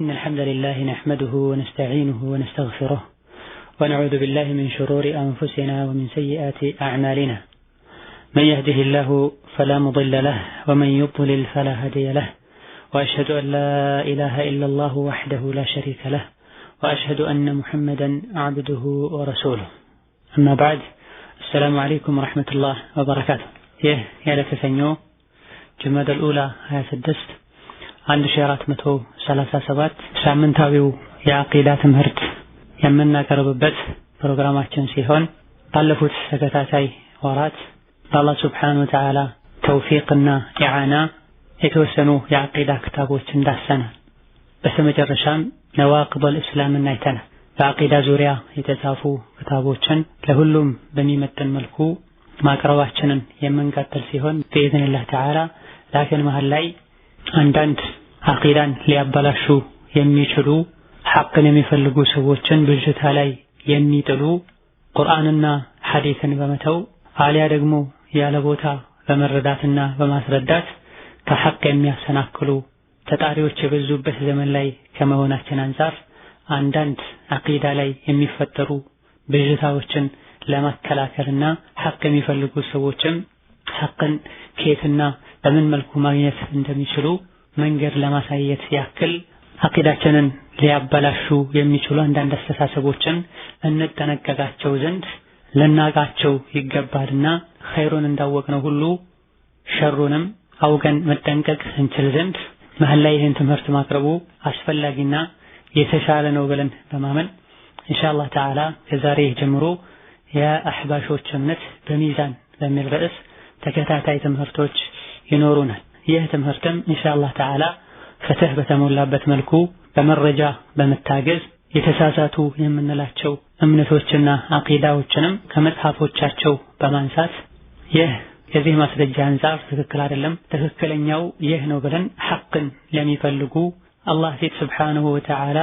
إن الحمد لله نحمده ونستعينه ونستغفره ونعوذ بالله من شرور أنفسنا ومن سيئات أعمالنا من يهده الله فلا مضل له ومن يضلل فلا هادي له وأشهد أن لا إله إلا الله وحده لا شريك له وأشهد أن محمدا عبده ورسوله أما بعد السلام عليكم ورحمة الله وبركاته يه يا لك سنيو جماد الأولى هاي سدست 1437 ሳምንታዊው የአቂዳ ትምህርት የምናቀርብበት ፕሮግራማችን ሲሆን ባለፉት ተከታታይ ወራት በአላህ ስብሓነሁ ወተዓላ ተውፊቅና ኢዓና የተወሰኑ የአቂዳ ክታቦች ዳሰናል። በስተመጨረሻም ነዋቅበል እስላምን አይተናል። በአቂዳ ዙሪያ የተጻፉ ክታቦችን ለሁሉም በሚመጥን መልኩ ማቅረባችንን የምንቀጥል ሲሆን በኢዝኒላህ ተዓላ ላኪን መሀል ላይ አንዳንድ አቂዳን ሊያበላሹ የሚችሉ ሐቅን የሚፈልጉ ሰዎችን ብዥታ ላይ የሚጥሉ ቁርአንና ሐዲስን በመተው አሊያ ደግሞ ያለ ቦታ በመረዳትና በማስረዳት ከሐቅ የሚያሰናክሉ ተጣሪዎች የበዙበት ዘመን ላይ ከመሆናችን አንጻር አንዳንድ አቂዳ ላይ የሚፈጠሩ ብዥታዎችን ለመከላከልና ሐቅ የሚፈልጉ ሰዎችም ሐቅን ከየትና በምን መልኩ ማግኘት እንደሚችሉ መንገድ ለማሳየት ያክል አቂዳችንን ሊያበላሹ የሚችሉ አንዳንድ አስተሳሰቦችን እንጠነቀቃቸው ዘንድ ልናቃቸው ይገባልና ኸይሩን እንዳወቅነው ሁሉ ሸሩንም አውቀን መጠንቀቅ እንችል ዘንድ መሀል ላይ ይህን ትምህርት ማቅረቡ አስፈላጊና የተሻለ ነው ብለን በማመን ኢንሻአላህ ተዓላ ከዛሬ ጀምሮ የአህባሾች እምነት በሚዛን በሚል ርዕስ ተከታታይ ትምህርቶች ይኖሩናል። ይህ ትምህርትም ኢንሻአላህ ተዓላ ፍትህ በተሞላበት መልኩ በመረጃ በመታገዝ የተሳሳቱ የምንላቸው እምነቶችና አቂዳዎችንም ከመጽሐፎቻቸው በማንሳት ይህ ከዚህ ማስረጃ አንጻር ትክክል አይደለም፣ ትክክለኛው ይህ ነው ብለን ሐቅን ለሚፈልጉ አላህ ፊት ስብሓነሁ ወተዓላ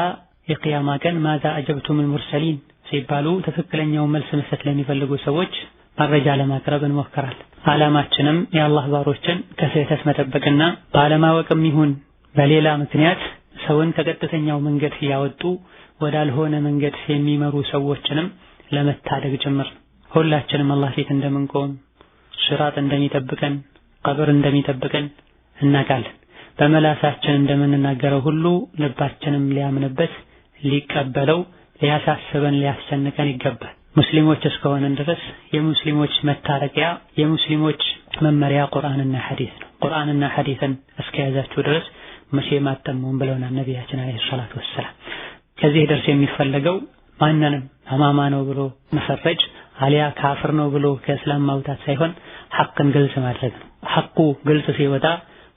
የቅያማ ቀን ማዛ አጀብቱሙል ሙርሰሊን ሲባሉ ትክክለኛውን መልስ መስጠት ለሚፈልጉ ሰዎች መረጃ ለማቅረብ እንሞክራለን። አላማችንም የአላህ ባሮችን ከስህተት መጠበቅና ባለማወቅም ይሁን በሌላ ምክንያት ሰውን ከቀጥተኛው መንገድ ያወጡ ወዳልሆነ መንገድ የሚመሩ ሰዎችንም ለመታደግ ጭምር ሁላችንም አላህ ፊት እንደምንቆም ስራጥ እንደሚጠብቀን ቀብር እንደሚጠብቀን እናውቃለን። በመላሳችን እንደምንናገረው ሁሉ ልባችንም ሊያምንበት ሊቀበለው ሊያሳስበን ሊያስጨንቀን ይገባል። ሙስሊሞች እስከሆነን ድረስ የሙስሊሞች መታረቂያ የሙስሊሞች መመሪያ ቁርአንና ሐዲስ ነው። ቁርአንና ሐዲስን እስከያዛችሁ ድረስ መቼም አጠሙም ብለውናል ነቢያችን አለይሂ ሰላቱ ወሰላም። ከዚህ ደርስ የሚፈለገው ማንንም አማማ ነው ብሎ መፈረጅ አሊያ ካፍር ነው ብሎ ከእስላም ማውጣት ሳይሆን ሐቅን ግልጽ ማድረግ ነው። ሐቁ ግልጽ ሲወጣ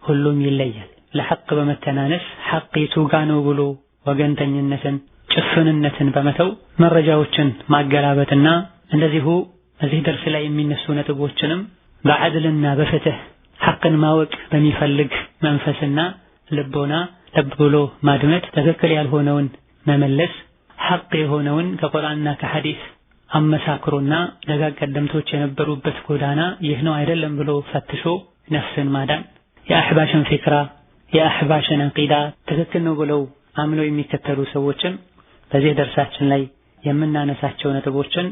ሁሉም ይለያል። ለሐቅ በመተናነስ ሐቅ የቱ ጋ ነው ብሎ ወገንተኝነትን ጭፍንነትን በመተው መረጃዎችን ማገላበጥና እንደዚሁ እዚህ ደርስ ላይ የሚነሱ ነጥቦችንም በዐድልና በፍትህ ሐቅን ማወቅ በሚፈልግ መንፈስና ልቦና ለብ ብሎ ማድመጥ፣ ትክክል ያልሆነውን መመለስ፣ ሐቅ የሆነውን ከቁርአንና ከሐዲስ አመሳክሮና ደጋግ ቀደምቶች የነበሩበት ጎዳና ይህ ነው አይደለም ብሎ ፈትሾ ነፍስን ማዳን፣ የአሕባሽን ፊክራ የአሕባሽን አቂዳ ትክክል ነው ብለው አምነው የሚከተሉ ሰዎችን በዚህ ደርሳችን ላይ የምናነሳቸው ነጥቦችን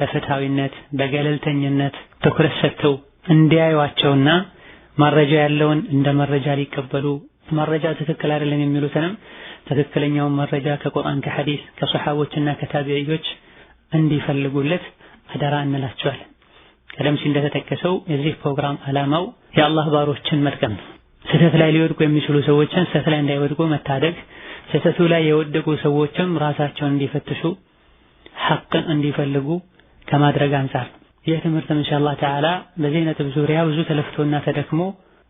በፍትሃዊነት በገለልተኝነት ትኩረት ሰጥተው እንዲያዩዋቸውና መረጃ ያለውን እንደ መረጃ ሊቀበሉ መረጃ ትክክል አይደለም የሚሉትንም ትክክለኛውን መረጃ ከቁርአን ከሐዲስ ከሶሐቦችና ከታቢዒዎች እንዲፈልጉለት አደራ እንላቸዋለን። ቀደም ሲል እንደተጠቀሰው የዚህ ፕሮግራም ዓላማው የአላህ ባሮችን መጥቀም ነው። ስህተት ላይ ሊወድቁ የሚችሉ ሰዎችን ስህተት ላይ እንዳይወድቁ መታደግ ስህተቱ ላይ የወደቁ ሰዎችም ራሳቸውን እንዲፈትሹ ሐቅን እንዲፈልጉ ከማድረግ አንጻር ይህ ትምህርት ኢንሻአላህ ተዓላ በዚህ ነጥብ ዙሪያ ብዙ ተለፍቶና ተደክሞ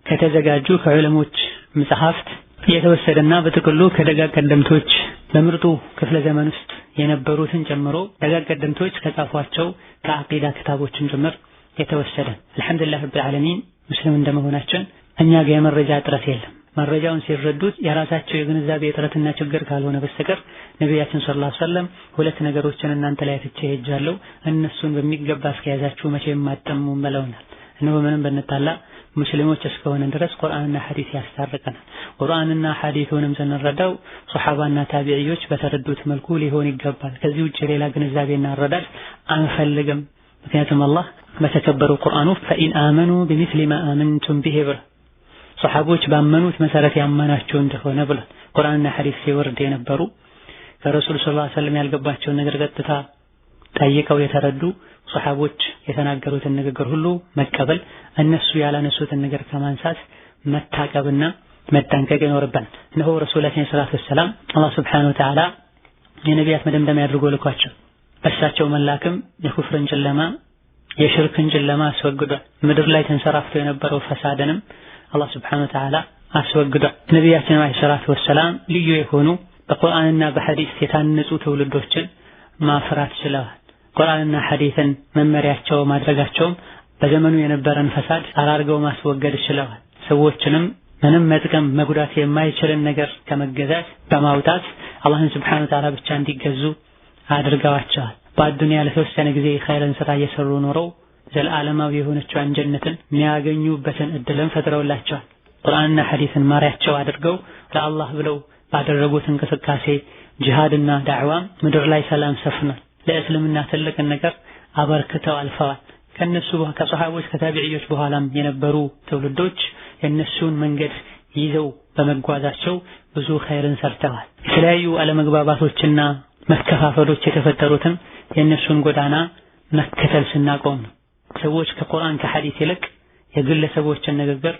ከተዘጋጁ ከዑለሞች መጽሐፍት የተወሰደና በጥቅሉ ከደጋግ ቀደምቶች በምርጡ ክፍለ ዘመን ውስጥ የነበሩትን ጨምሮ ደጋግ ቀደምቶች ከጻፏቸው ከአቂዳ ክታቦችን ጭምር የተወሰደ አልሐምዱሊላህ ረብል ዓለሚን ሙስሊም እንደመሆናችን እኛ ጋር የመረጃ እጥረት የለም መረጃውን ሲረዱት የራሳቸው የግንዛቤ እጥረትና ችግር ካልሆነ በስተቀር ነቢያችን ሰለላሁ ዐለይሂ ወሰለም ሁለት ነገሮችን እናንተ ላይ ትቼ ሄጃለሁ፣ እነሱን በሚገባ እስከያዛችሁ መቼም አጠሙም ብለውናል። እነሆ ምንም ብንጣላ ሙስሊሞች እስከሆነ ድረስ ቁርአንና ሐዲስ ያስታርቀናል። ቁርአንና ሐዲሱንም ስንረዳው ሶሐባና ታቢዕዮች በተረዱት መልኩ ሊሆን ይገባል። ከዚህ ውጭ ሌላ ግንዛቤና አረዳድ አንፈልግም። ምክንያቱም አላህ በተከበረው ቁርአኑ ፈኢን አመኑ ቢሚስሊ ማ አመንቱም ቢሂ ብር ሰሓቦች ባመኑት መሰረት ያመናቸው እንደሆነ ብሏል። ቁርአንና ሐዲስ ሲወርድ የነበሩ ከረሱል ሰለላሁ ዐለይሂ ወሰለም ያልገባቸውን ነገር ቀጥታ ጠይቀው የተረዱ ሰሓቦች የተናገሩትን ንግግር ሁሉ መቀበል፣ እነሱ ያላነሱትን ነገር ከማንሳት መታቀብና መጠንቀቅ ይኖርብናል። እነሆ ረሱላችን ሰለላሁ ዐለይሂ ወሰለም አላህ ሱብሓነሁ ወተዓላ የነቢያት መደምደሚያ አድርጎ ልኳቸው። በእሳቸው መላክም የኩፍርን ጨለማ የሽርክን ጨለማ አስወግዷል። ምድር ላይ ተንሰራፍቶ የነበረው ፈሳድንም አላህ ስብሓነሁ ወተዓላ አስወግዷል። ነቢያችን ዓለይሂ ሰላቱ ወሰላም ልዩ የሆኑ በቁርአንና በሐዲስ የታነጹ ትውልዶችን ማፍራት ችለዋል። ቁርአንና ሐዲስን መመሪያቸው ማድረጋቸውም በዘመኑ የነበረን ፈሳድ አራርገው ማስወገድ ችለዋል። ሰዎችንም ምንም መጥቀም መጉዳት የማይችልን ነገር ከመገዛት በማውጣት አላህን ስብሓነሁ ወተዓላ ብቻ እንዲገዙ አድርገዋቸዋል። በአዱንያ ለተወሰነ ጊዜ ኸይርን ስራ እየሰሩ ኖረው ዘላለማዊ የሆነችዋን ጀነትን የሚያገኙበትን እድልን ፈጥረውላቸዋል። ቁርአንና ሐዲስን ማሪያቸው አድርገው ለአላህ ብለው ባደረጉት እንቅስቃሴ ጂሃድና ዳዕዋም ምድር ላይ ሰላም ሰፍኗል። ለእስልምና ትልቅን ነገር አበርክተው አልፈዋል። ከነሱ ከሰሃቦች ከታቢዕዮች በኋላም የነበሩ ትውልዶች የእነሱን መንገድ ይዘው በመጓዛቸው ብዙ ኸይርን ሰርተዋል። የተለያዩ አለመግባባቶችና መከፋፈሎች የተፈጠሩትም የእነሱን ጎዳና መከተል ስናቆም ነው። ሰዎች ከቁርአን ከሐዲስ ይልቅ የግለሰቦችን ንግግር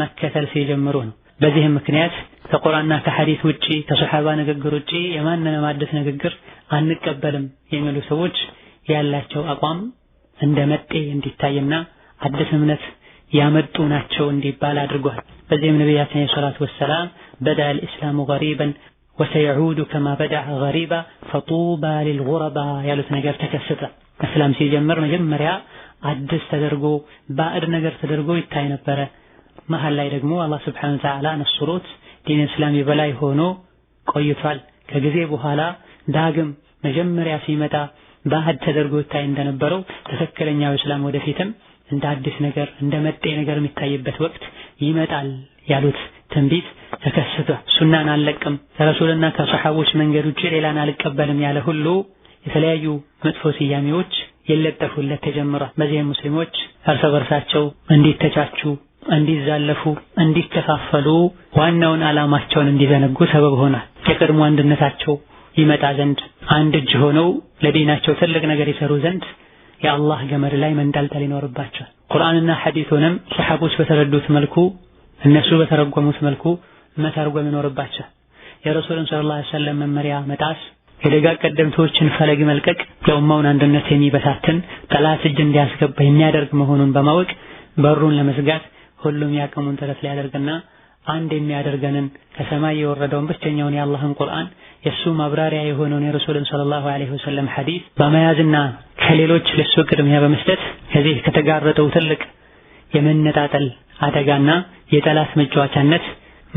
መከተል ሲጀምሩ ነው። በዚህም ምክንያት ከቁርአንና ከሐዲስ ውጪ ከሰሐባ ንግግር ውጪ የማንንም አዲስ ንግግር አንቀበልም የሚሉ ሰዎች ያላቸው አቋም እንደ መጤ እንዲታይና አዲስ እምነት ያመጡ ናቸው እንዲባል አድርጓል። በዚህም ነቢያችን ሰላቱ ወሰላም በዳ አልኢስላሙ ገሪበን ወሰየዑዱ ከማ በዳ ገሪባ ፈጡባ ሊልጉረባ ያሉት ነገር ተከሰተ። እስላም ሲጀምር መጀመሪያ አዲስ ተደርጎ ባዕድ ነገር ተደርጎ ይታይ ነበረ። መሀል ላይ ደግሞ አላህ ስብሐነሁ ወተዓላ ነስሮት ዲን እስላም የበላይ ሆኖ ቆይቷል። ከጊዜ በኋላ ዳግም መጀመሪያ ሲመጣ ባድ ተደርጎ ይታይ እንደነበረው ትክክለኛው እስላም ወደፊትም እንደ አዲስ ነገር እንደ መጤ ነገር የሚታይበት ወቅት ይመጣል ያሉት ትንቢት ተከስተ። ሱናን አልለቅም ከረሱልና ከሰሐቦች መንገድ ውጭ ሌላን አልቀበልም ያለ ሁሉ የተለያዩ መጥፎ ስያሜዎች ይለጠፉለት ተጀምረ። መዚህም ሙስሊሞች እርስ በርሳቸው እንዲተቻቹ፣ እንዲዛለፉ፣ እንዲከፋፈሉ ዋናውን ዓላማቸውን እንዲዘነጉ ሰበብ ሆኗል። የቀድሞ አንድነታቸው ይመጣ ዘንድ አንድ እጅ ሆነው ለዲናቸው ትልቅ ነገር ይሰሩ ዘንድ የአላህ ገመድ ላይ መንጠልጠል ይኖርባቸዋል። ቁርአንና ሐዲሱንም ሰሐቦች በተረዱት መልኩ እነሱ በተረጎሙት መልኩ መተርጎም ይኖርባቸዋል። የረሱልን ሰለላሁ ዐለይሂ ወሰለም መመሪያ መጣስ የደጋ ቀደምቶችን ፈለግ መልቀቅ የኡማውን አንድነት የሚበታትን ጠላት እጅ እንዲያስገባ የሚያደርግ መሆኑን በማወቅ በሩን ለመዝጋት ሁሉም ያቅሙን ጥረት ሊያደርግና አንድ የሚያደርገንን ከሰማይ የወረደውን ብቸኛውን የአላህን ቁርአን የእሱ ማብራሪያ የሆነውን የረሱልን ሰለላሁ ዐለይሂ ወሰለም ሐዲስ በመያዝና ከሌሎች ለሱ ቅድሚያ በመስጠት ከዚህ ከተጋረጠው ትልቅ የመነጣጠል አደጋና የጠላት መጫወቻነት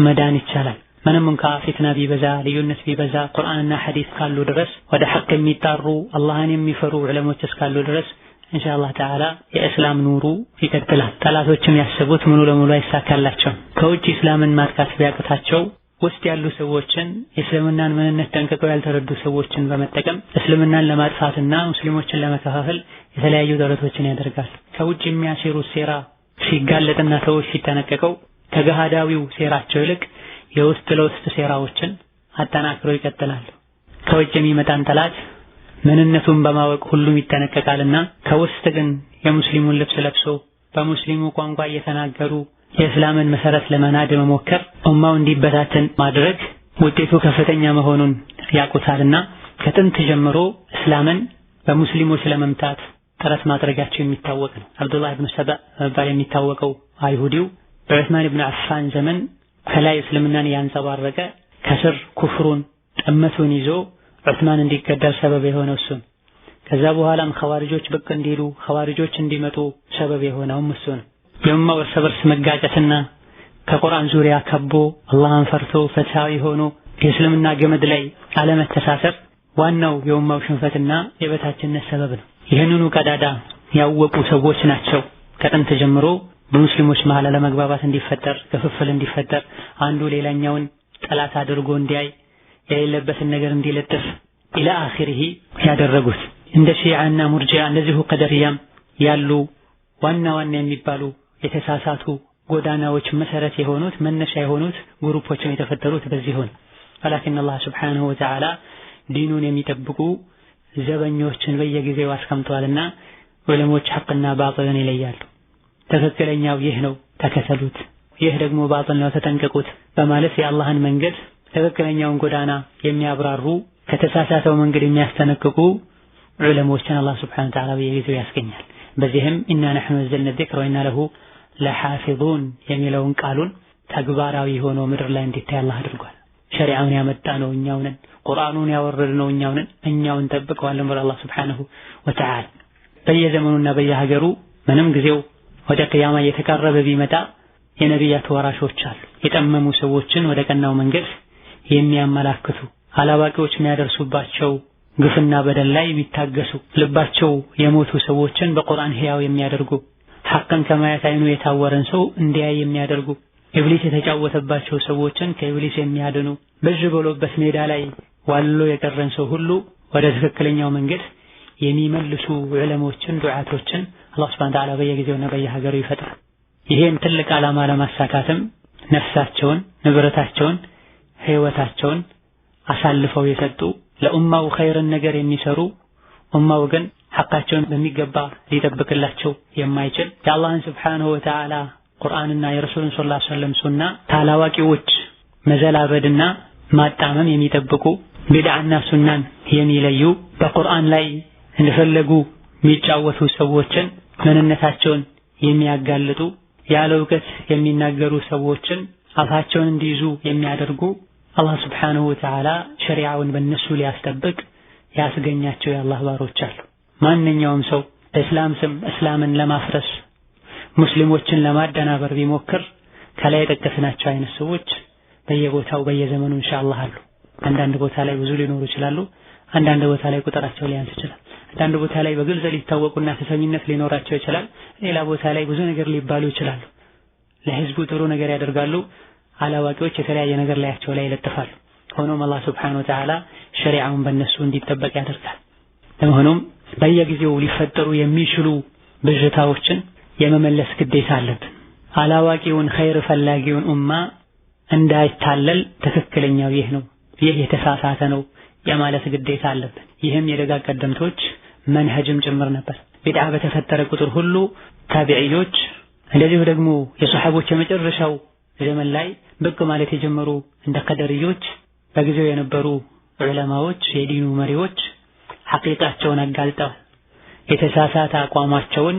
መዳን ይቻላል። ምንም እንኳ ፊትና ቢበዛ ልዩነት ቢበዛ ቁርአንና ሐዲስ ካሉ ድረስ ወደ ሐቅ የሚጣሩ አላህን የሚፈሩ ዑለሞች እስካሉ ድረስ ኢንሻአላህ ተዓላ የእስላም ኑሩ ይቀጥላል። ጠላቶችም ያሰቡት ሙሉ ለሙሉ አይሳካላቸውም። ከውጭ እስላምን ማጥቃት ቢያቅታቸው ውስጥ ያሉ ሰዎችን የእስልምናን ምንነት ጠንቅቀው ያልተረዱ ሰዎችን በመጠቀም እስልምናን ለማጥፋትና ሙስሊሞችን ለመከፋፈል የተለያዩ ጥረቶችን ያደርጋል። ከውጭ የሚያሴሩት ሴራ ሲጋለጥና ሰዎች ሲጠነቀቀው ከገሃዳዊው ሴራቸው ይልቅ የውስጥ ለውስጥ ሴራዎችን አጠናክረው ይቀጥላሉ። ከውጭ የሚመጣን ጠላት ምንነቱን በማወቅ ሁሉም ይጠነቀቃልና ከውስጥ ግን የሙስሊሙን ልብስ ለብሶ በሙስሊሙ ቋንቋ እየተናገሩ የእስላምን መሰረት ለመናድ መሞከር ኡማው እንዲበታተን ማድረግ ውጤቱ ከፍተኛ መሆኑን ያውቁታልና ከጥንት ጀምሮ እስላምን በሙስሊሞች ለመምታት ጥረት ማድረጋቸው የሚታወቅ ነው። አብዱላህ ኢብኑ ሰባ በመባል የሚታወቀው አይሁዲው በዑስማን ኢብኑ አፋን ዘመን ከላይ እስልምናን ያንጸባረቀ ከስር ኩፍሩን ጥመቱን ይዞ ዑስማን እንዲገደል ሰበብ የሆነው እሱ ነው። ከዛ በኋላም ኸዋሪጆች ብቅ እንዲሉ ኸዋሪጆች እንዲመጡ ሰበብ የሆነውም እሱ ነው። የኡማው እርስ በርስ መጋጨትና ከቁርአን ዙሪያ ከቦ አላህን ፈርቶ ፍትሃዊ ሆኖ የእስልምና ገመድ ላይ አለመተሳሰር ዋናው የኡማው ሽንፈትና የበታችነት ሰበብ ነው። ይህንኑ ቀዳዳ ያወቁ ሰዎች ናቸው ከጥንት ጀምሮ በሙስሊሞች መሀል አለመግባባት እንዲፈጠር ክፍፍል እንዲፈጠር አንዱ ሌላኛውን ጠላት አድርጎ እንዲያይ የሌለበትን ነገር እንዲለጥፍ ኢላ አኺሪሂ ያደረጉት እንደ ሺዓና ሙርጂያ እንደዚሁ ቀደርያም ያሉ ዋና ዋና የሚባሉ የተሳሳቱ ጎዳናዎች መሰረት የሆኑት መነሻ የሆኑት ግሩፖችም የተፈጠሩት በዚህ ሆነ። ወላኪን አላህ ሱብሓነሁ ወተዓላ ዲኑን የሚጠብቁ ዘበኞችን በየጊዜው አስቀምጧልና ዑለሞች ሐቅና ባጥልን ይለያሉ። ትክክለኛው ይህ ነው ተከተሉት፣ ይህ ደግሞ ባጥል ነው ተጠንቀቁት በማለት የአላህን መንገድ ትክክለኛውን ጎዳና የሚያብራሩ ከተሳሳተው መንገድ የሚያስተነቅቁ ዑለሞችን አላህ ስብሐነ ወተዓላ በየጊዜው ያስገኛል። በዚህም ኢና ነሕኑ ነዘልነ ዚክረ ወኢና ለሁ ለሓፊዙን የሚለውን ቃሉን ተግባራዊ ሆኖ ምድር ላይ እንዲታይ አላህ አድርጓል። ሸሪዓውን ያመጣ ነው እኛው ነን፣ ቁርአኑን ያወረድ ነው እኛው ነን፣ እኛውን ጠብቀዋለን ብሎ አላህ ስብሐነሁ ወተዓላ በየዘመኑና በየሀገሩ ምንም ጊዜው ወደ ቅያማ እየተቃረበ ቢመጣ የነቢያት ወራሾች አሉ። የጠመሙ ሰዎችን ወደ ቀናው መንገድ የሚያመላክቱ አላዋቂዎች የሚያደርሱባቸው ግፍና በደል ላይ ቢታገሱ ልባቸው የሞቱ ሰዎችን በቁርአን ሕያው የሚያደርጉ ሐቅን ከማየት አይኑ የታወረን ሰው እንዲያይ የሚያደርጉ ኢብሊስ የተጫወተባቸው ሰዎችን ከኢብሊስ የሚያድኑ ብዥ ብሎበት ሜዳ ላይ ዋሎ የቀረን ሰው ሁሉ ወደ ትክክለኛው መንገድ የሚመልሱ ዕለሞችን ዱዓቶችን አላህ ሱብሓነሁ ወተዓላ በየጊዜውና በየሀገሩ ይፈጥራል። ይሄን ትልቅ ዓላማ ለማሳካትም ነፍሳቸውን፣ ንብረታቸውን፣ ህይወታቸውን አሳልፈው የሰጡ ለኡማው ኸይርን ነገር የሚሰሩ ኡማው ግን ሐቃቸውን በሚገባ ሊጠብቅላቸው የማይችል የአላህን ስብሓንሁ ወተዓላ ቁርአንና የረሱልን ሰለላሁ ዐለይሂ ወሰለም ሱና ታላዋቂዎች መዘላበድና ማጣመም የሚጠብቁ ቢድዓና ሱናን የሚለዩ በቁርአን ላይ እንደፈለጉ የሚጫወቱ ሰዎችን ምንነታቸውን የሚያጋልጡ ያለ እውቀት የሚናገሩ ሰዎችን አፋቸውን እንዲይዙ የሚያደርጉ አላህ ስብሓንሁ ወተዓላ ሸሪዓውን በእነሱ ሊያስጠብቅ ያስገኛቸው የአላህ ባሮች አሉ። ማንኛውም ሰው በእስላም ስም እስላምን ለማፍረስ ሙስሊሞችን ለማደናበር ቢሞክር ከላይ የጠቀስናቸው አይነት ሰዎች በየቦታው በየዘመኑ ኢንሻአላህ አሉ። አንዳንድ ቦታ ላይ ብዙ ሊኖሩ ይችላሉ። አንዳንድ ቦታ ላይ ቁጥራቸው ሊያንስ ይችላል። አንዳንድ ቦታ ላይ በግልጽ ሊታወቁና ተሰሚነት ሊኖራቸው ይችላል። ሌላ ቦታ ላይ ብዙ ነገር ሊባሉ ይችላሉ። ለህዝቡ ጥሩ ነገር ያደርጋሉ። አላዋቂዎች የተለያየ ነገር ላያቸው ላይ ይለጥፋሉ። ሆኖም አላህ ስብሐነሁ ወተዓላ ሸሪዓውን በእነሱ እንዲጠበቅ ያደርጋል። ለመሆኑም በየጊዜው ሊፈጠሩ የሚችሉ ብዥታዎችን የመመለስ ግዴታ አለብን። አላዋቂውን ኸይር ፈላጊውን ኡማ እንዳይታለል ትክክለኛው ይህ ነው፣ ይህ የተሳሳተ ነው የማለት ግዴታ አለብን። ይህም የደጋ ቀደምቶች መንሀጅም ጭምር ነበር። ቢድዓ በተፈጠረ ቁጥር ሁሉ ታቢዕዮች እንደዚሁ ደግሞ የሰሐቦች የመጨረሻው ዘመን ላይ ብቅ ማለት የጀመሩ እንደ ከደርዮች በጊዜው የነበሩ ዑለማዎች፣ የዲኑ መሪዎች ሐቂቃቸውን አጋልጠዋል። የተሳሳተ አቋማቸውን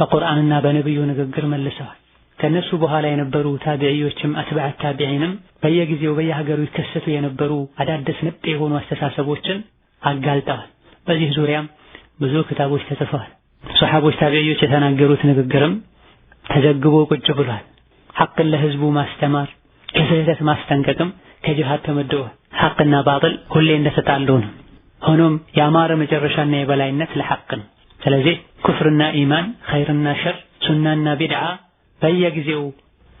በቁርአንና በነብዩ ንግግር መልሰዋል። ከነሱ በኋላ የነበሩ ታቢዕዮችም አትባዕ ታቢዒንም በየጊዜው በየሀገሩ ይከሰቱ የነበሩ አዳዲስ ነጥ የሆኑ አስተሳሰቦችን አጋልጠዋል። በዚህ ዙሪያም ብዙ ክታቦች ተጽፈዋል። ሰሓቦች ታቢዮች የተናገሩት ንግግርም ተዘግቦ ቁጭ ብሏል። ሐቅን ለህዝቡ ማስተማር ከስህተት ማስጠንቀቅም ከጅሃድ ተመድቧል። ሐቅና ባጥል ሁሌ እንደተጣሉ ነው። ሆኖም የአማረ መጨረሻና የበላይነት ለሐቅ ነው። ስለዚህ ኩፍርና ኢማን፣ ኸይርና ሸር፣ ሱናና ቢድዓ በየጊዜው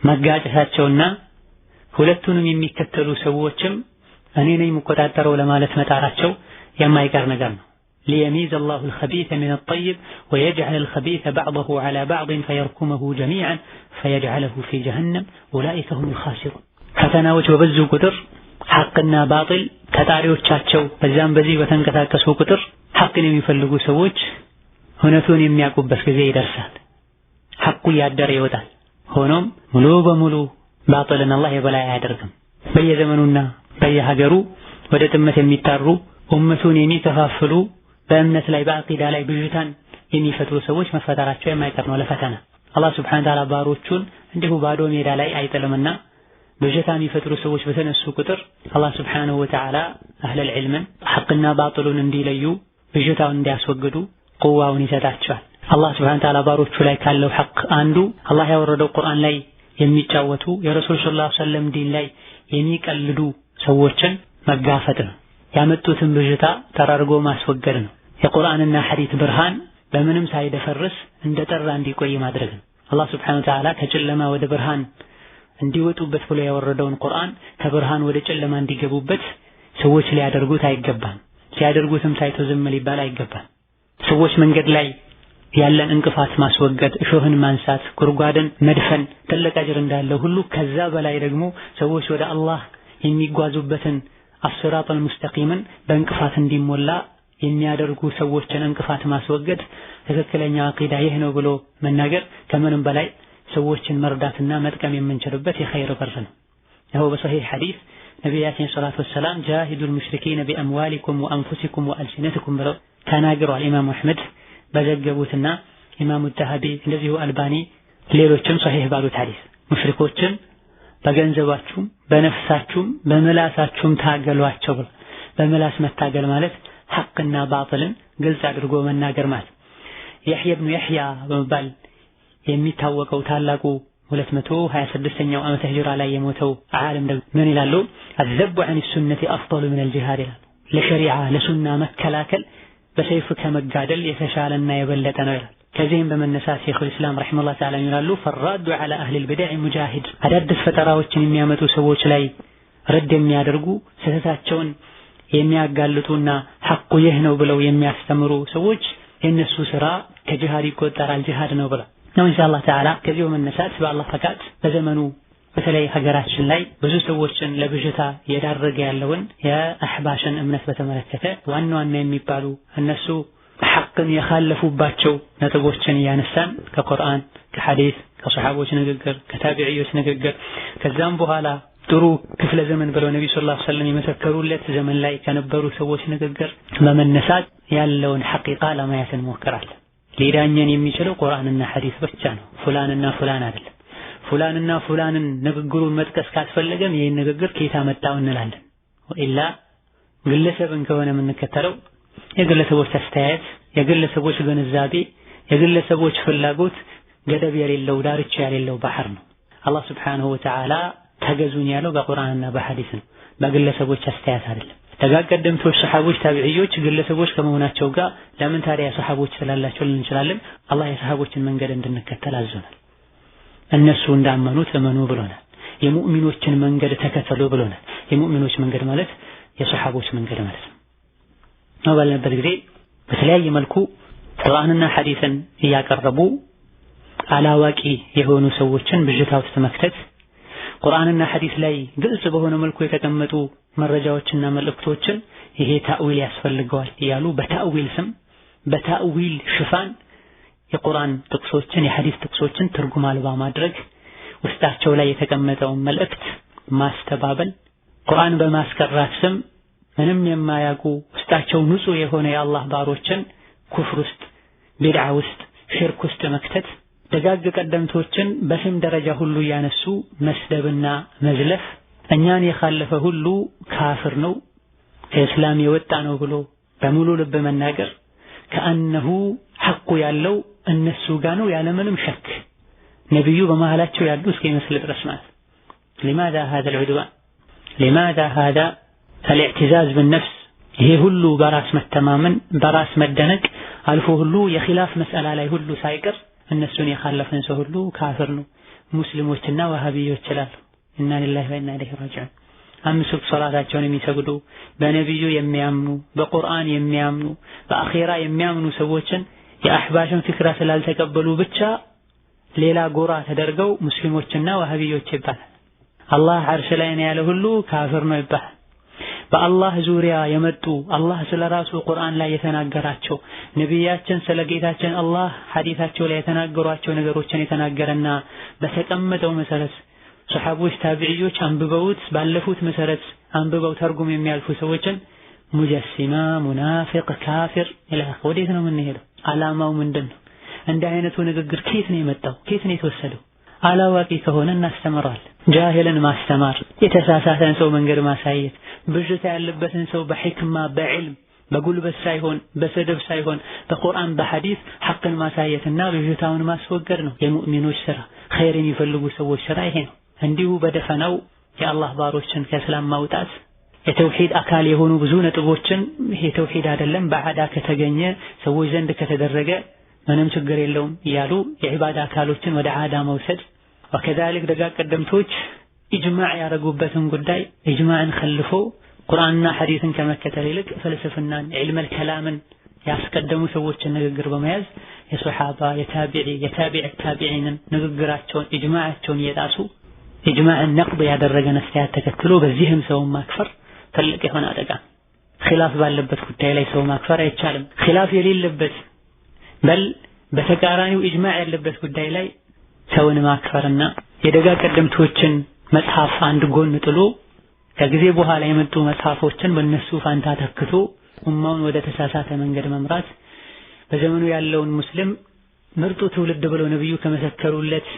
መጋጨታቸውና ሁለቱንም የሚከተሉ ሰዎችም እኔ ነኝ የምቆጣጠረው ለማለት መጣራቸው የማይቀር ነገር ነው። ليميز الله الخبيث من الطيب ويجعل الخبيث بعضه على بعض فيركمه جميعا فيجعله في جهنم أولئك هم الخاسرون حسنا وجه بزو قدر حقنا باطل كتاري تشاتشو بزان بزي وثنك تاكسو قدر حقنا يفلقو سووج هنا ثوني مياقوب بس كزي درسات حق يادر يوتال هنا ملوب ملو باطل ان الله ولا يعدركم بي زمننا بي هجرو ودتمت يميتارو أمة يميتها فلو በእምነት ላይ በአቂዳ ላይ ብዥታን የሚፈጥሩ ሰዎች መፈጠራቸው የማይቀር ነው ለፈተና። አላህ ሱብሓነሁ ወተዓላ ባሮቹን እንዲሁ ባዶ ሜዳ ላይ አይጥልምና ብዥታ የሚፈጥሩ ሰዎች በተነሱ ቁጥር አላህ ሱብሓነሁ ወተዓላ አህለል ዒልምን ሐቅና ባጥሉን እንዲለዩ ብዥታውን እንዲያስወግዱ ቁዋውን ይሰጣቸዋል። አላህ ሱብሓነሁ ወተዓላ ባሮቹ ላይ ካለው ሐቅ አንዱ አላህ ያወረደው ቁርአን ላይ የሚጫወቱ የረሱል ሰለላሁ ዐለይሂ ወሰለም ዲን ላይ የሚቀልዱ ሰዎችን መጋፈጥ ነው። ያመጡትን ብዥታ ጠራርጎ ማስወገድ ነው። የቁርአንና ሐዲት ብርሃን በምንም ሳይደፈርስ እንደ ጠራ እንዲቆይ ማድረግ ነው። አላህ ስብሐነሁ ወተዓላ ከጨለማ ወደ ብርሃን እንዲወጡበት ብሎ ያወረደውን ቁርአን ከብርሃን ወደ ጨለማ እንዲገቡበት ሰዎች ሊያደርጉት አይገባም። ሲያደርጉትም ሳይቶ ዝም ሊባል አይገባም። ሰዎች መንገድ ላይ ያለን እንቅፋት ማስወገድ፣ እሾህን ማንሳት፣ ጉድጓድን መድፈን ትልቅ አጅር እንዳለ ሁሉ ከዛ በላይ ደግሞ ሰዎች ወደ አላህ የሚጓዙበትን አስራጠል ሙስተቂምን በእንቅፋት እንዲሞላ የሚያደርጉ ሰዎችን እንቅፋት ማስወገድ ትክክለኛ አቂዳ ይህ ነው ብሎ መናገር ከምንም በላይ ሰዎችን መርዳትና መጥቀም የምንችልበት የኸይር በር ነው። ይኸው በሰሒህ ሐዲስ ነቢያችን ሰላቱ ወሰላም ጃሂዱል ሙሽሪኪነ ቢአምዋሊኩም ወአንፉሲኩም ወአልሲነትኩም ብለው ተናግሯል። ኢማሙ አሕመድ በዘገቡትና ኢማሙ ዛሀቢ እንደዚሁ አልባኒ ሌሎችም ሰሂህ ባሉት ሐዲስ ሙሽሪኮችን በገንዘባችሁም በነፍሳችሁም በምላሳችሁም ታገሏቸው ብሏል። በምላስ መታገል ማለት ሐቅና ባጥልን ግልጽ አድርጎ መናገር ማለት የሕያ ብኑ የሕያ በመባል የሚታወቀው ታላቁ 226ኛው ዓመተ ሂጅራ ላይ የሞተው ዓለም ደግሞ ምን ይላሉ? አዘቡ አን ሱነቲ አፍضሉ ምን አልጂሃድ ይላሉ። ለሸሪዓ ለሱና መከላከል በሰይፍ ከመጋደል የተሻለና የበለጠ ነው ይላል። ከዚህም በመነሳት ሼኹል ኢስላም ረሂመሁላህ ተዓላ ይላሉ ፈራዱ ዐላ አህሊል ቢድዕ ሙጃሂድ፣ አዳዲስ ፈጠራዎችን የሚያመጡ ሰዎች ላይ ረድ የሚያደርጉ ስህተታቸውን የሚያጋልጡና ሐቁ ይህ ነው ብለው የሚያስተምሩ ሰዎች የእነሱ ስራ ከጅሃድ ይቆጠራል፣ ጅሃድ ነው ብለው ነው። ኢንሻአላህ ተዓላ ከዚህ መነሳት በአላህ ፈቃድ በዘመኑ በተለይ ሀገራችን ላይ ብዙ ሰዎችን ለብዥታ እየዳረገ ያለውን የአህባሽን እምነት በተመለከተ ዋና ዋና የሚባሉ እነሱ ሐቅን የካለፉባቸው ነጥቦችን እያነሳን ከቁርአን፣ ከሐዲስ፣ ከሰሓቦች ንግግር፣ ከታቢዕዮች ንግግር ከዛም በኋላ ጥሩ ክፍለ ዘመን ብለው ነቢ ሰለላሁ ዐለይሂ ወሰለም የመሰከሩለት ዘመን ላይ ከነበሩ ሰዎች ንግግር በመነሳት ያለውን ሐቂቃ ለማየት እንሞክራለን። ሊዳኘን የሚችለው ቁርአንና ሐዲስ ብቻ ነው፣ ፉላንና ፉላን አይደለም። ፉላንና ፉላንን ንግግሩን መጥቀስ ካስፈለገም ይህን ንግግር ኬታ መጣው እንላለን። ወኢላ ግለሰብን ከሆነ የምንከተለው የግለሰቦች አስተያየት፣ የግለሰቦች ግንዛቤ፣ የግለሰቦች ፍላጎት ገደብ የሌለው ዳርቻ የሌለው ባህር ነው። አላህ ሱብሓነሁ ወተዓላ ተገዙን ያለው በቁርአንና በሐዲስ ነው፣ በግለሰቦች አስተያየት አይደለም። ደጋግ ቀደምቶች ሰሐቦች፣ ግለሰቦች ከመሆናቸው ጋር ለምን ታዲያ ሰሐቦች ስላላቸው እንችላለን? አላህ የሰሐቦችን መንገድ እንድንከተል አዞናል። እነሱ እንዳመኑት እመኑ ብሎናል። የሙእሚኖችን መንገድ ተከተሉ ብሎናል። የሙእሚኖች መንገድ ማለት የሰሐቦች መንገድ ማለት ነው ነው ባለንበት ጊዜ በተለያየ መልኩ ቁርአንና ሐዲስን እያቀረቡ አላዋቂ የሆኑ ሰዎችን ብዥታ ውስጥ መክተት ቁርአንና ሐዲስ ላይ ግልጽ በሆነ መልኩ የተቀመጡ መረጃዎችና መልእክቶችን ይሄ ታዕዊል ያስፈልገዋል እያሉ በታዕዊል ስም በታዕዊል ሽፋን የቁርአን ጥቅሶችን የሐዲስ ጥቅሶችን ትርጉም አልባ ማድረግ፣ ውስጣቸው ላይ የተቀመጠውን መልእክት ማስተባበል፣ ቁርአን በማስቀራት ስም ምንም የማያውቁ ውስጣቸው ንጹህ የሆነ የአላህ ባሮችን ኩፍር ውስጥ ቢድዓ ውስጥ ሽርክ ውስጥ መክተት ደጋግ ቀደምቶችን በስም ደረጃ ሁሉ እያነሱ መስደብና መዝለፍ እኛን የካለፈ ሁሉ ካፍር ነው ከእስላም የወጣ ነው ብሎ በሙሉ ልብ መናገር ከአነሁ ሐቁ ያለው እነሱ ጋ ነው ያለምንም ሸክ ነቢዩ በመሃላቸው ያሉ እስከ ይመስል ድረስ ማለት ሊማዳ ሀዛ ልዑድዋን ሊማዳ ሀዛ አልእዕትዛዝ ብነፍስ ይሄ ሁሉ በራስ መተማመን በራስ መደነቅ አልፎ ሁሉ የኺላፍ መስአላ ላይ ሁሉ ሳይቀር እነሱን የካለፈን ሰው ሁሉ ካፍር ነው ሙስሊሞችና ዋሃቢዮች ይላሉ እና ሊላሂ ወኢና ኢለይሂ ራጂዑን አምስት ወቅት ሶላታቸውን የሚሰግዱ በነቢዩ የሚያምኑ በቁርአን የሚያምኑ በአኼራ የሚያምኑ ሰዎችን የአሕባሽን ፊክራ ስላልተቀበሉ ብቻ ሌላ ጎራ ተደርገው ሙስሊሞችና ዋሃቢዮች ይባላል። አላህ አርሽ ላይ ነው ያለ ሁሉ ካፍር ነው ይባላል። በአላህ ዙሪያ የመጡ አላህ ስለ ራሱ ቁርአን ላይ የተናገራቸው ነቢያችን ስለ ጌታችን አላህ ሐዲታቸው ላይ የተናገሯቸው ነገሮችን የተናገረና በተቀመጠው መሰረት ሰሐቦች፣ ታቢዒዎች አንብበውት ባለፉት መሰረት አንብበው ተርጉም የሚያልፉ ሰዎችን ሙጀሲማ፣ ሙናፊቅ፣ ካፊር ኢላ ወዴት ነው የምንሄደው? አላማው ምንድን ነው? እንዲህ አይነቱ ንግግር ኬት ነው የመጣው? ኬት ነው የተወሰደው? አላዋቂ ከሆነ እናስተምራል። ጃሂልን ማስተማር፣ የተሳሳተን ሰው መንገድ ማሳየት፣ ብዥታ ያለበትን ሰው በሕክማ በዕልም በጉልበት ሳይሆን በሰደብ ሳይሆን በቁርአን በሐዲስ ሐቅን ማሳየትና ብዥታውን ማስወገድ ነው የሙእሚኖች ስራ። ኸይር የሚፈልጉ ሰዎች ስራ ይሄ ነው። እንዲሁ በደፈናው የአላህ ባሮችን ከእስላም ማውጣት የተውሂድ አካል የሆኑ ብዙ ነጥቦችን ይሄ ተውሂድ አይደለም በአዳ ከተገኘ ሰዎች ዘንድ ከተደረገ ምንም ችግር የለውም እያሉ የዒባዳ አካሎችን ወደ አዳ መውሰድ ወከዛሊክ ደጋ ቀደምቶች ኢጅማዕ ያደረጉበትን ጉዳይ ኢጅማዕን ከልፎ ቁርአንና ሐዲስን ከመከተል ይልቅ ፍልስፍናን ዒልመል ከላምን ያስቀደሙ ሰዎችን ንግግር በመያዝ የሶሓባ የታቢዒ የታቢዕ ታቢዒንን ንግግራቸውን ኢጅማዓቸውን እየጣሱ ኢጅማዕን ነቅብ ያደረገን አስተያየት ተከትሎ በዚህም ሰውን ማክፈር ትልቅ የሆነ አደጋ ኺላፍ ባለበት ጉዳይ ላይ ሰው ማክፈር አይቻልም። ኺላፍ የሌለበት በል በተቃራኒው ኢጅማዕ ያለበት ጉዳይ ላይ ሰውን ማክበርና የደጋ ቀደምቶችን መጽሐፍ አንድ ጎን ጥሎ ከጊዜ በኋላ የመጡ መጽሐፎችን በእነሱ ፋንታ ተክቶ ኡማውን ወደ ተሳሳተ መንገድ መምራት በዘመኑ ያለውን ሙስሊም ምርጡ ትውልድ ብለው ነብዩ ከመሰከሩለት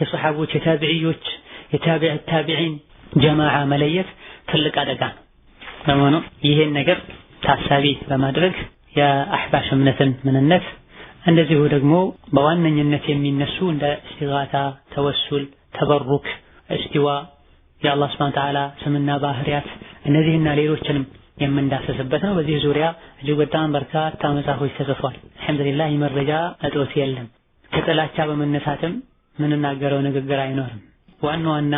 የሰሓቦች የታቢዕዮች፣ የታቢዕ ታቢዒን ጀማዓ መለየት ትልቅ አደጋ ነው። ለመሆኑ ይሄን ነገር ታሳቢ በማድረግ የአሕባሽ እምነትን ምንነት እንደዚሁ ደግሞ በዋነኝነት የሚነሱ እንደ እስቲጋታ፣ ተወሱል፣ ተበሩክ፣ እስቲዋ የአላህ ስብሃነ ወተዓላ ስምና ባህሪያት እነዚህና ሌሎችንም የምንዳሰስበት ነው። በዚህ ዙሪያ እጅግ በጣም በርካታ መጽሐፎች ተጽፏል። አልሐምዱሊላህ መረጃ እጦት የለም። ከጥላቻ በመነሳትም ምንናገረው ንግግር አይኖርም። ዋና ዋና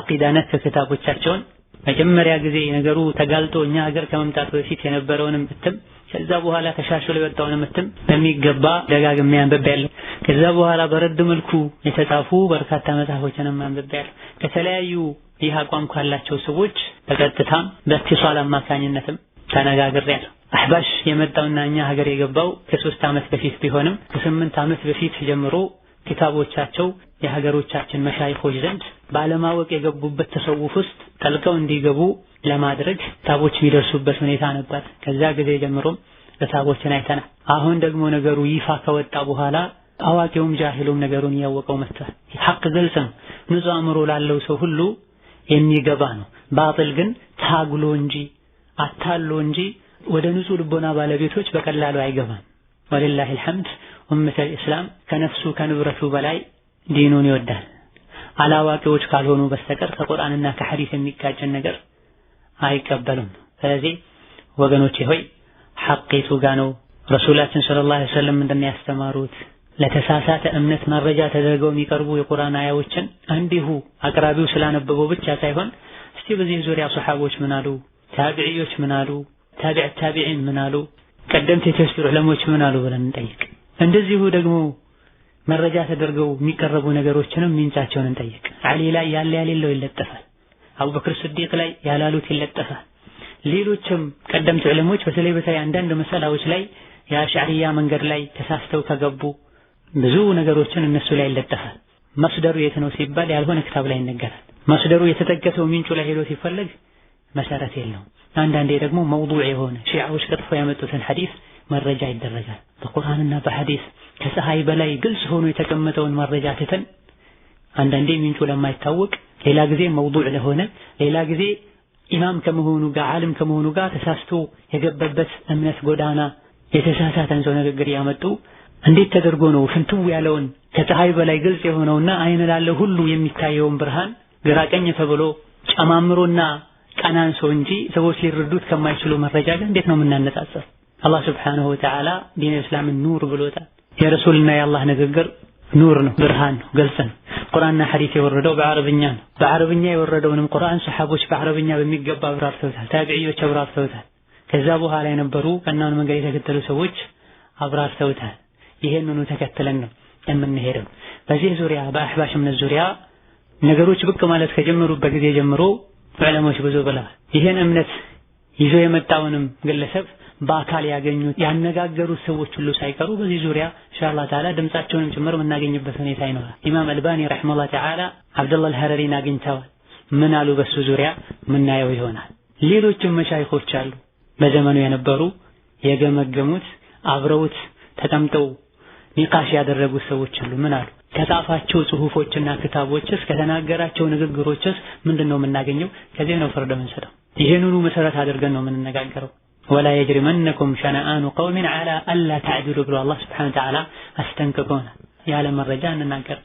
አቂዳ ነክ ክታቦቻቸውን መጀመሪያ ጊዜ ነገሩ ተጋልጦ እኛ ሀገር ከመምጣቱ በፊት የነበረውንም እትም ከዛ በኋላ ተሻሽሎ የወጣውንም እትም በሚገባ ደጋግሜ አንብቤያለሁ። ከዛ በኋላ በረድ መልኩ የተጻፉ በርካታ መጽሐፎችንም አንብቤያለሁ። ከተለያዩ ይህ አቋም ካላቸው ሰዎች በቀጥታም በእትሷል አማካኝነትም ተነጋግሬያለሁ። አህባሽ የመጣውና እኛ ሀገር የገባው ከሶስት ዓመት በፊት ቢሆንም ከስምንት ዓመት በፊት ጀምሮ ኪታቦቻቸው የሀገሮቻችን መሻይኮች ዘንድ ባለማወቅ የገቡበት ተሰውፍ ውስጥ ጠልቀው እንዲገቡ ለማድረግ ታቦች የሚደርሱበት ሁኔታ ነበር። ከዛ ጊዜ ጀምሮም ለታቦችን አይተናል። አሁን ደግሞ ነገሩ ይፋ ከወጣ በኋላ አዋቂውም ጃሂሉም ነገሩን እያወቀው መጥቷል። ሐቅ ግልጽ ነው። ንጹህ አእምሮ ላለው ሰው ሁሉ የሚገባ ነው። ባጥል ግን ታግሎ እንጂ አታሎ እንጂ ወደ ንጹህ ልቦና ባለቤቶች በቀላሉ አይገባም። ወሊላሂ አልሐምድ ኡመተል ኢስላም ከነፍሱ ከንብረቱ በላይ ዲኑን ይወዳል። አላዋቂዎች ካልሆኑ በስተቀር ከቁርአንና ከሐዲስ የሚጋጭን ነገር አይቀበሉም። ስለዚህ ወገኖቼ ሆይ ሐቂቱ ጋ ነው ረሱላችን ሰለላሁ ዐለይሂ ወሰለም እንደሚያስተማሩት ለተሳሳተ እምነት መረጃ ተደርገው የሚቀርቡ የቁርአን አያዎችን እንዲሁ አቅራቢው ስላነበበው ብቻ ሳይሆን እስቲ በዚህ ዙሪያ ሰሓቦች ምን አሉ፣ ታቢዕዮች ምን አሉ፣ ታቢዕ ታቢዒን ምን አሉ፣ ቀደምት የተፍሲር ዑለሞች ምን አሉ ብለን እንጠይቅ። እንደዚሁ ደግሞ መረጃ ተደርገው የሚቀረቡ ነገሮችንም ምንጫቸውን እንጠይቅ። አሊ ላይ ያለ ያሌለው ይለጠፋል። አቡበክር ስዲቅ ላይ ያላሉት ይለጠፋል። ሌሎችም ቀደምት ዕለሞች በተለይ በተለይ አንዳንድ መሰላዎች ላይ የአሻዕርያ መንገድ ላይ ተሳስተው ከገቡ ብዙ ነገሮችን እነሱ ላይ ይለጠፋል። መስደሩ የት ነው ሲባል ያልሆነ ክታብ ላይ ይነገራል። መስደሩ የተጠቀሰው ምንጩ ላይ ሄዶ ሲፈለግ መሰረት የለውም። አንዳንዴ ደግሞ መውዱዕ የሆነ ሺዓዎች ቀጥፎ ያመጡትን ሐዲስ መረጃ ይደረጋል። በቁርአንና በሐዲስ ከፀሐይ በላይ ግልጽ ሆኖ የተቀመጠውን መረጃ ትተን አንዳንዴ ምንጩ ለማይታወቅ ሌላ ጊዜ መውዱዕ ለሆነ ሌላ ጊዜ ኢማም ከመሆኑ ጋር ዓለም ከመሆኑ ጋር ተሳስቶ የገባበት እምነት ጎዳና የተሳሳተን ሰው ንግግር ያመጡ እንዴት ተደርጎ ነው ፍንትው ያለውን ከፀሐይ በላይ ግልጽ የሆነውና አይን ላለ ሁሉ የሚታየውን ብርሃን ግራቀኝ ተብሎ ጨማምሮና ቀናንሶ እንጂ ሰዎች ሊረዱት ከማይችሉ መረጃ ጋር እንዴት ነው የምናነጻጽር? አላህ ስብሓንሁ ወተዓላ ዲን እስላምን ኑር ብሎታል። የረሱልና የአላህ ንግግር ኑር ነው፣ ብርሃን ነው፣ ገልጽ ነው። ቁርአንና ሐዲስ የወረደው በአረብኛ ነው። በአረብኛ የወረደውንም ቁርአን ሰሓቦች በአረብኛ በሚገባ አብራርተውታል። ታቢዕዮች አብራርተውታል። ከዛ በኋላ የነበሩ ቀናውን መንገድ የተከተሉ ሰዎች አብራርተውታል። ይሄንኑ ተከትለን ነው የምንሄደው። በዚህ ዙሪያ በአሕባሽ እምነት ዙሪያ ነገሮች ብቅ ማለት ከጀመሩበት ጊዜ ጀምሮ ዑለሞች ብዙ ብለዋል። ይህን እምነት ይዞ የመጣውንም ግለሰብ በአካል ያገኙት ያነጋገሩት ሰዎች ሁሉ ሳይቀሩ በዚህ ዙሪያ ኢንሻአላህ ተዓላ ድምጻቸውንም ጭምር የምናገኝበት ሁኔታ ይኖራል። ኢማም አልባኒ ረሂመሁላህ ተዓላ አብደላህ አልሐረሪን አግኝተዋል። ምን አሉ? በሱ ዙሪያ ምናየው ይሆናል። ሌሎችም መሻይኾች አሉ በዘመኑ የነበሩ የገመገሙት አብረውት ተቀምጠው ኒቃሽ ያደረጉት ሰዎች አሉ። ምን አሉ? ከጻፋቸው ጽሁፎችና ክታቦችስ ከተናገራቸው ንግግሮችስ ምንድነው የምናገኘው? ከዚህ ነው ፍርድ የምንሰጠው። ይሄንኑ መሰረት አድርገን ነው የምንነጋገረው። ወላ የጅሪመነኩም ሸነአኑ ቀውሚን አላ አላ ተዕድሉ ብሎ አላህ ስብሓነሁ ወተዓላ አስጠንቅቆናል። ያለ መረጃ እንናገር።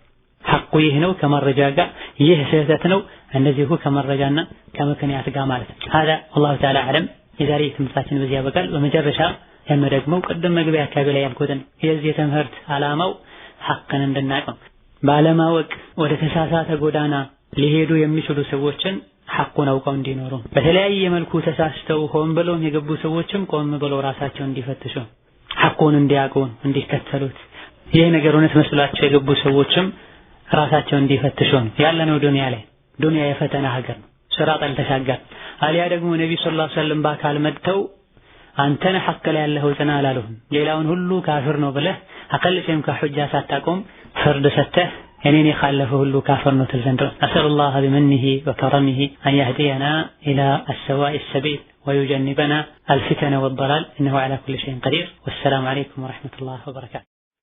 ሐቁ ይህ ነው ከመረጃ ጋር፣ ይህ ስህተት ነው እንደዚሁ ከመረጃና ከምክንያት ጋር ማለት ነው። ሀዛ ወላሁ ተዓላ አዕለም። የዛሬ ትምህርታችን በዚህ ያበቃል። በመጨረሻ የምደግመው ቅድም መግቢያ አካባቢ ላይ ያልኩትን የዚህ ትምህርት ዓላማው ሐቅን እንድናቅ ባለማወቅ ወደ ተሳሳተ ጎዳና ሊሄዱ የሚችሉ ሰዎችን ሐቁን አውቀው እንዲኖሩ በተለያየ መልኩ ተሳስተው ሆን ብለው የገቡ ሰዎችም ቆም ብለው ራሳቸው እንዲፈትሹ ሐቁን እንዲያውቁ እንዲከተሉት ይህ ነገር እውነት መስሏቸው የገቡ ሰዎችም ራሳቸው እንዲፈትሹ ነው ያለነው ዱንያ ላይ ዱንያ የፈተና ሀገር ነው ስራጥ አልተሻገር አሊያ ደግሞ ነቢዩ ሰለላሁ ዐለይሂ ወሰለም በአካል መጥተው አንተን ሐቅ ላይ ያለኸው ጽና አላሉህም ሌላውን ሁሉ ካፍር ነው ብለህ አቀል ሸምካ ሳታቆም ፍርድ ሰተህ يعني خالفه اللو كافر نوتل أسأل الله بمنه وكرمه أن يهدينا إلى السواء السبيل ويجنبنا الفتن والضلال إنه على كل شيء قدير والسلام عليكم ورحمة الله وبركاته